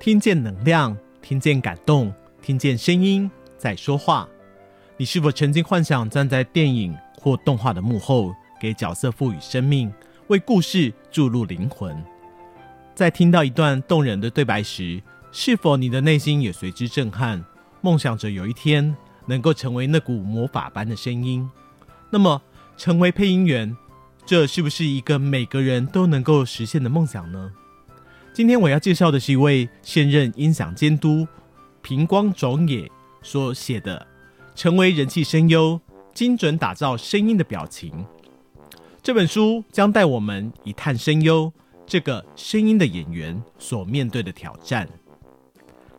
聽見能量，聽見感動，聽見聲音在說話。你是否曾經幻想站在電影或動畫的幕後，給角色賦予生命，為故事注入靈魂？在聽到一段動人的對白時，是否你的內心也隨之震撼，夢想着有一天能夠成為那股魔法般的聲音？那麼，成為配音員，這是不是一個每個人都能夠實現的夢想呢？今天我要介紹的是一位現任音響監督平光琢也所寫的《成為人氣聲優：精準打造聲音的表情》這本書，將帶我們一探聲優這個聲音的演員所面對的挑戰。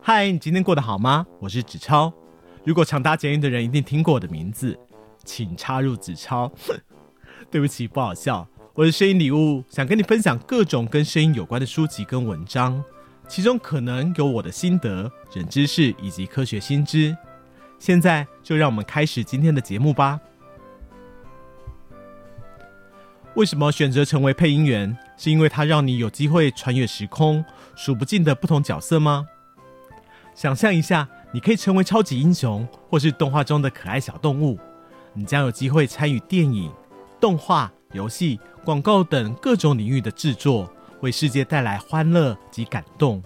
嗨，你今天過得好嗎？我是子超。如果常搭捷運的人一定聽過我的名字，請插入子超。 對不起，不好笑。我的聲音禮物想跟你分享各種跟聲音有關的書籍跟文章，其中可能有我的心得、冷知識以及科學新知。現在就讓我們開始今天的節目吧。為什麼選擇成為配音員？是因為它讓你有機會穿越時空，數不盡的不同角色嗎？想象一下，你可以成為超級英雄，或是動畫中的可愛小動物，你將有機會參與電影、動畫。遊戲、廣告等各種領域的制作，為世界帶來歡樂及感動。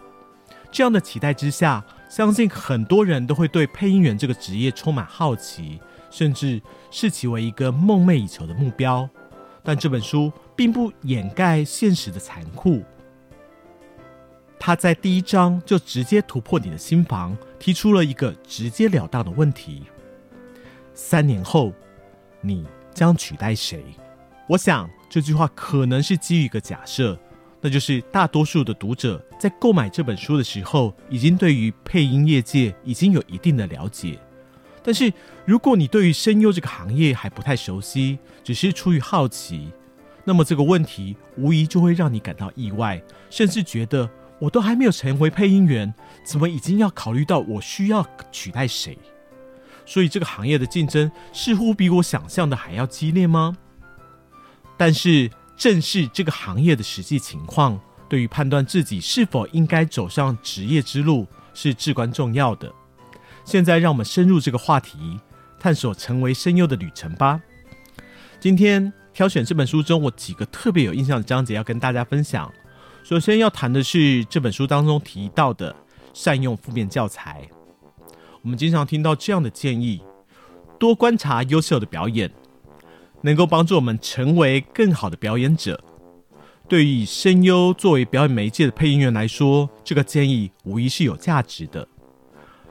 這樣的期待之下，相信很多人都會對配音員這個職業充滿好奇，甚至視其為一個夢寐以求的目標。但這本書並不掩蓋現實的殘酷，他在第一章就直接突破你的心房，提出了一個直截了當的問題：三年後，你將取代誰？我想這句話可能是基於一個假設，那就是大多數的讀者在購買這本書的時候，已經對於配音業界已經有一定的了解。但是如果你對於聲優這個行業還不太熟悉，只是出於好奇，那麼這個問題無疑就會讓你感到意外，甚至覺得我都還沒有成為配音員，怎麼已經要考慮到我需要取代誰？所以這個行業的競爭似乎比我想象的還要激烈嗎？但是，正視這個行業的實際情況，對於判斷自己是否應該走上職業之路是至關重要的。現在，讓我們深入這個話題，探索成為聲優的旅程吧。今天，挑選這本書中我幾個特別有印象的章節要跟大家分享。首先要談的是這本書當中提到的善用負面教材。我們經常聽到這樣的建議：多觀察優秀的表演。能夠幫助我們成為更好的表演者。對於以聲優作為表演媒介的配音員來說，這個建議無疑是有價值的。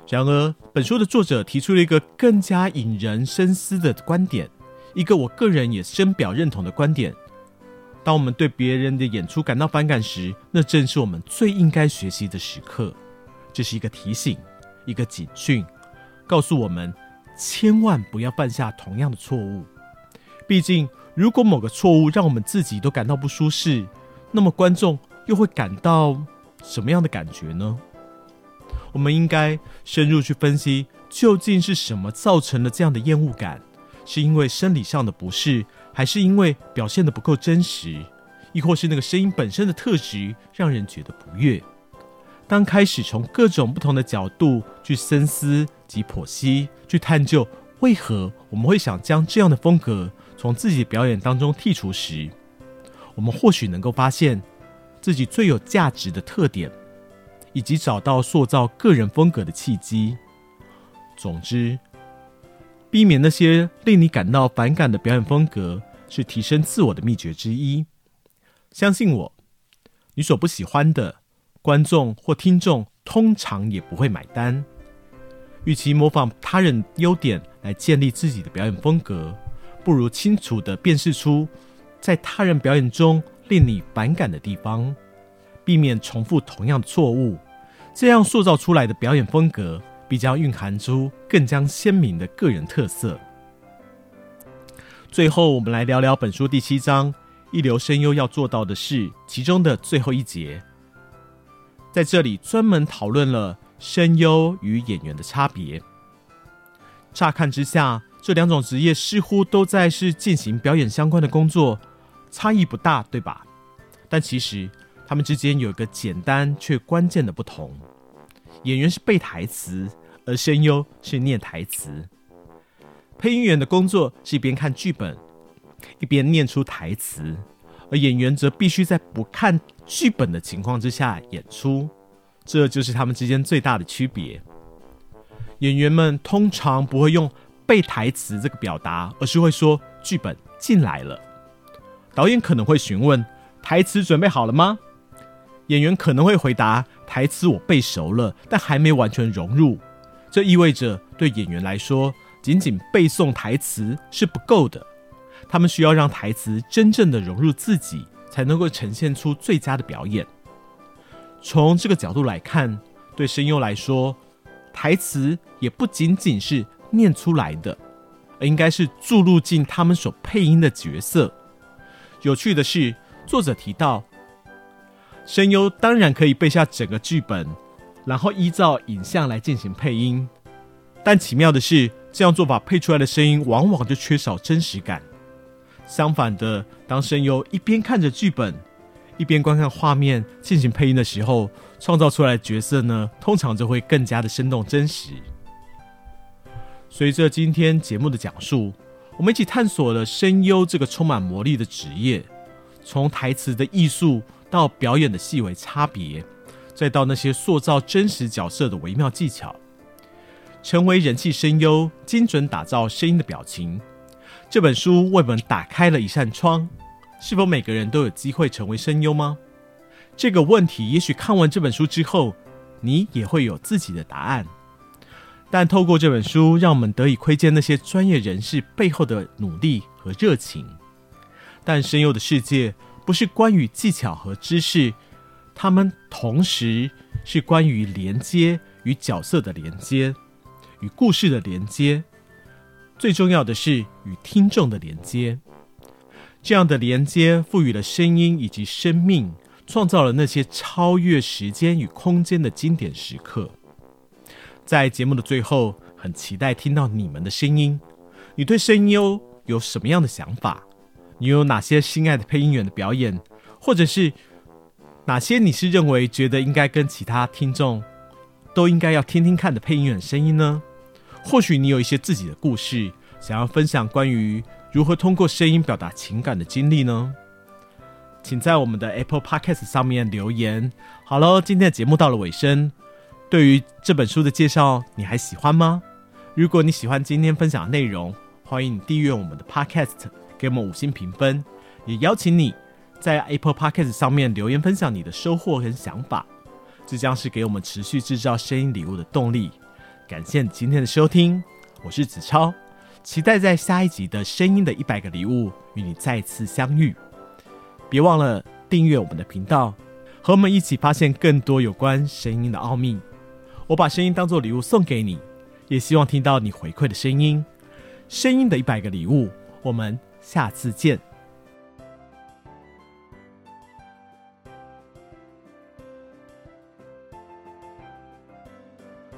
然而，本書的作者提出了一個更加引人深思的觀點，一個我個人也深表認同的觀點：當我們對別人的演出感到反感時，那正是我們最應該學習的時刻。這是一個提醒，一個警訊，告訴我們千萬不要犯下同樣的錯誤。畢竟，如果某個錯誤讓我們自己都感到不舒適，那麼觀眾又會感到什麼樣的感覺呢？我們應該深入去分析，究竟是什麼造成了這樣的厭惡感？是因為生理上的不適，還是因為表現得不夠真實，亦或是那個聲音本身的特質讓人覺得不悅？當開始從各種不同的角度去深思及剖析，去探究為何我們會想將這樣的風格從自己的表演當中剔除時，我們或許能夠發現自己最有價值的特點，以及找到塑造個人風格的契機。總之，避免那些令你感到反感的表演風格是提升自我的秘訣之一。相信我，你所不喜歡的觀眾或聽眾通常也不會買單。與其模仿他人的優點來建立自己的表演風格。不如清楚的辨識出，在他人表演中令你反感的地方，避免重複同樣的錯誤，這樣塑造出來的表演風格，必將蘊含出更加鮮明的個人特色。最後，我們來聊聊本書第七章《一流聲優要做到的事》其中的最後一節，在這裡專門討論了聲優與演員的差別。乍看之下，這兩種職業似乎都在是進行表演相關的工作，差異不大，對吧？但其實他們之間有一個簡單卻關鍵的不同：演員是背台詞，而聲優是念台詞。配音員的工作是一邊看劇本，一邊念出台詞，而演員則必須在不看劇本的情況之下演出，這就是他們之間最大的區別。演員們通常不會用。背台詞這個表達，而是會說劇本進來了。導演可能會詢問台詞準備好了嗎？演員可能會回答台詞我背熟了，但還沒完全融入。這意味着對演員來說，僅僅背誦台詞是不夠的，他們需要讓台詞真正的融入自己，才能夠呈現出最佳的表演。從這個角度來看，對聲優來說，台詞也不僅僅是。念出來的，而應該是注入進他們所配音的角色。有趣的是，作者提到，聲優當然可以背下整個劇本，然後依照影像來進行配音。但奇妙的是，這樣做法配出來的聲音往往就缺少真實感。相反的，當聲優一邊看着劇本，一邊觀看畫面進行配音的時候，創造出來的角色呢，通常就會更加的生動真實。隨着今天節目的講述，我們一起探索了聲優這個充滿魔力的職業，從台詞的藝術到表演的細微差別，再到那些塑造真實角色的微妙技巧。成為人氣聲優，精準打造聲音的表情，這本書為我們打開了一扇窗。是否每個人都有機會成為聲優嗎？這個問題也許看完這本書之後，你也會有自己的答案。但透過這本書，讓我們得以窺見那些專業人士背後的努力和熱情。但聲優的世界不是關於技巧和知識，他們同時是關於連接與角色的連接、與故事的連接，最重要的是與聽眾的連接。這樣的連接賦予了聲音以及生命，創造了那些超越時間與空間的經典時刻。在節目的最後，很期待聽到你們的聲音。你對聲優有什麼樣的想法？你有哪些心愛的配音員的表演，或者是哪些你是認為覺得應該跟其他聽眾都應該要聽聽看的配音員聲音呢？或許你有一些自己的故事想要分享，關於如何通過聲音表達情感的經歷呢？請在我們的 Apple Podcast 上面留言。好了，今天的節目到了尾聲。對於這本書的介紹，你還喜歡嗎？如果你喜歡今天分享的內容，歡迎你訂閱我們的 Podcast，給我們五星評分，也邀請你在 Apple Podcast 上面留言分享你的收穫跟想法，這將是給我們持續製造聲音禮物的動力。感謝你今天的收聽，我是子超，期待在下一集的《聲音的一百個禮物》與你再次相遇。別忘了訂閱我們的頻道，和我們一起發現更多有關聲音的奧秘。我把聲音當作禮物送給你，也希望聽到你回饋的聲音。聲音的一百個禮物，我們下次見。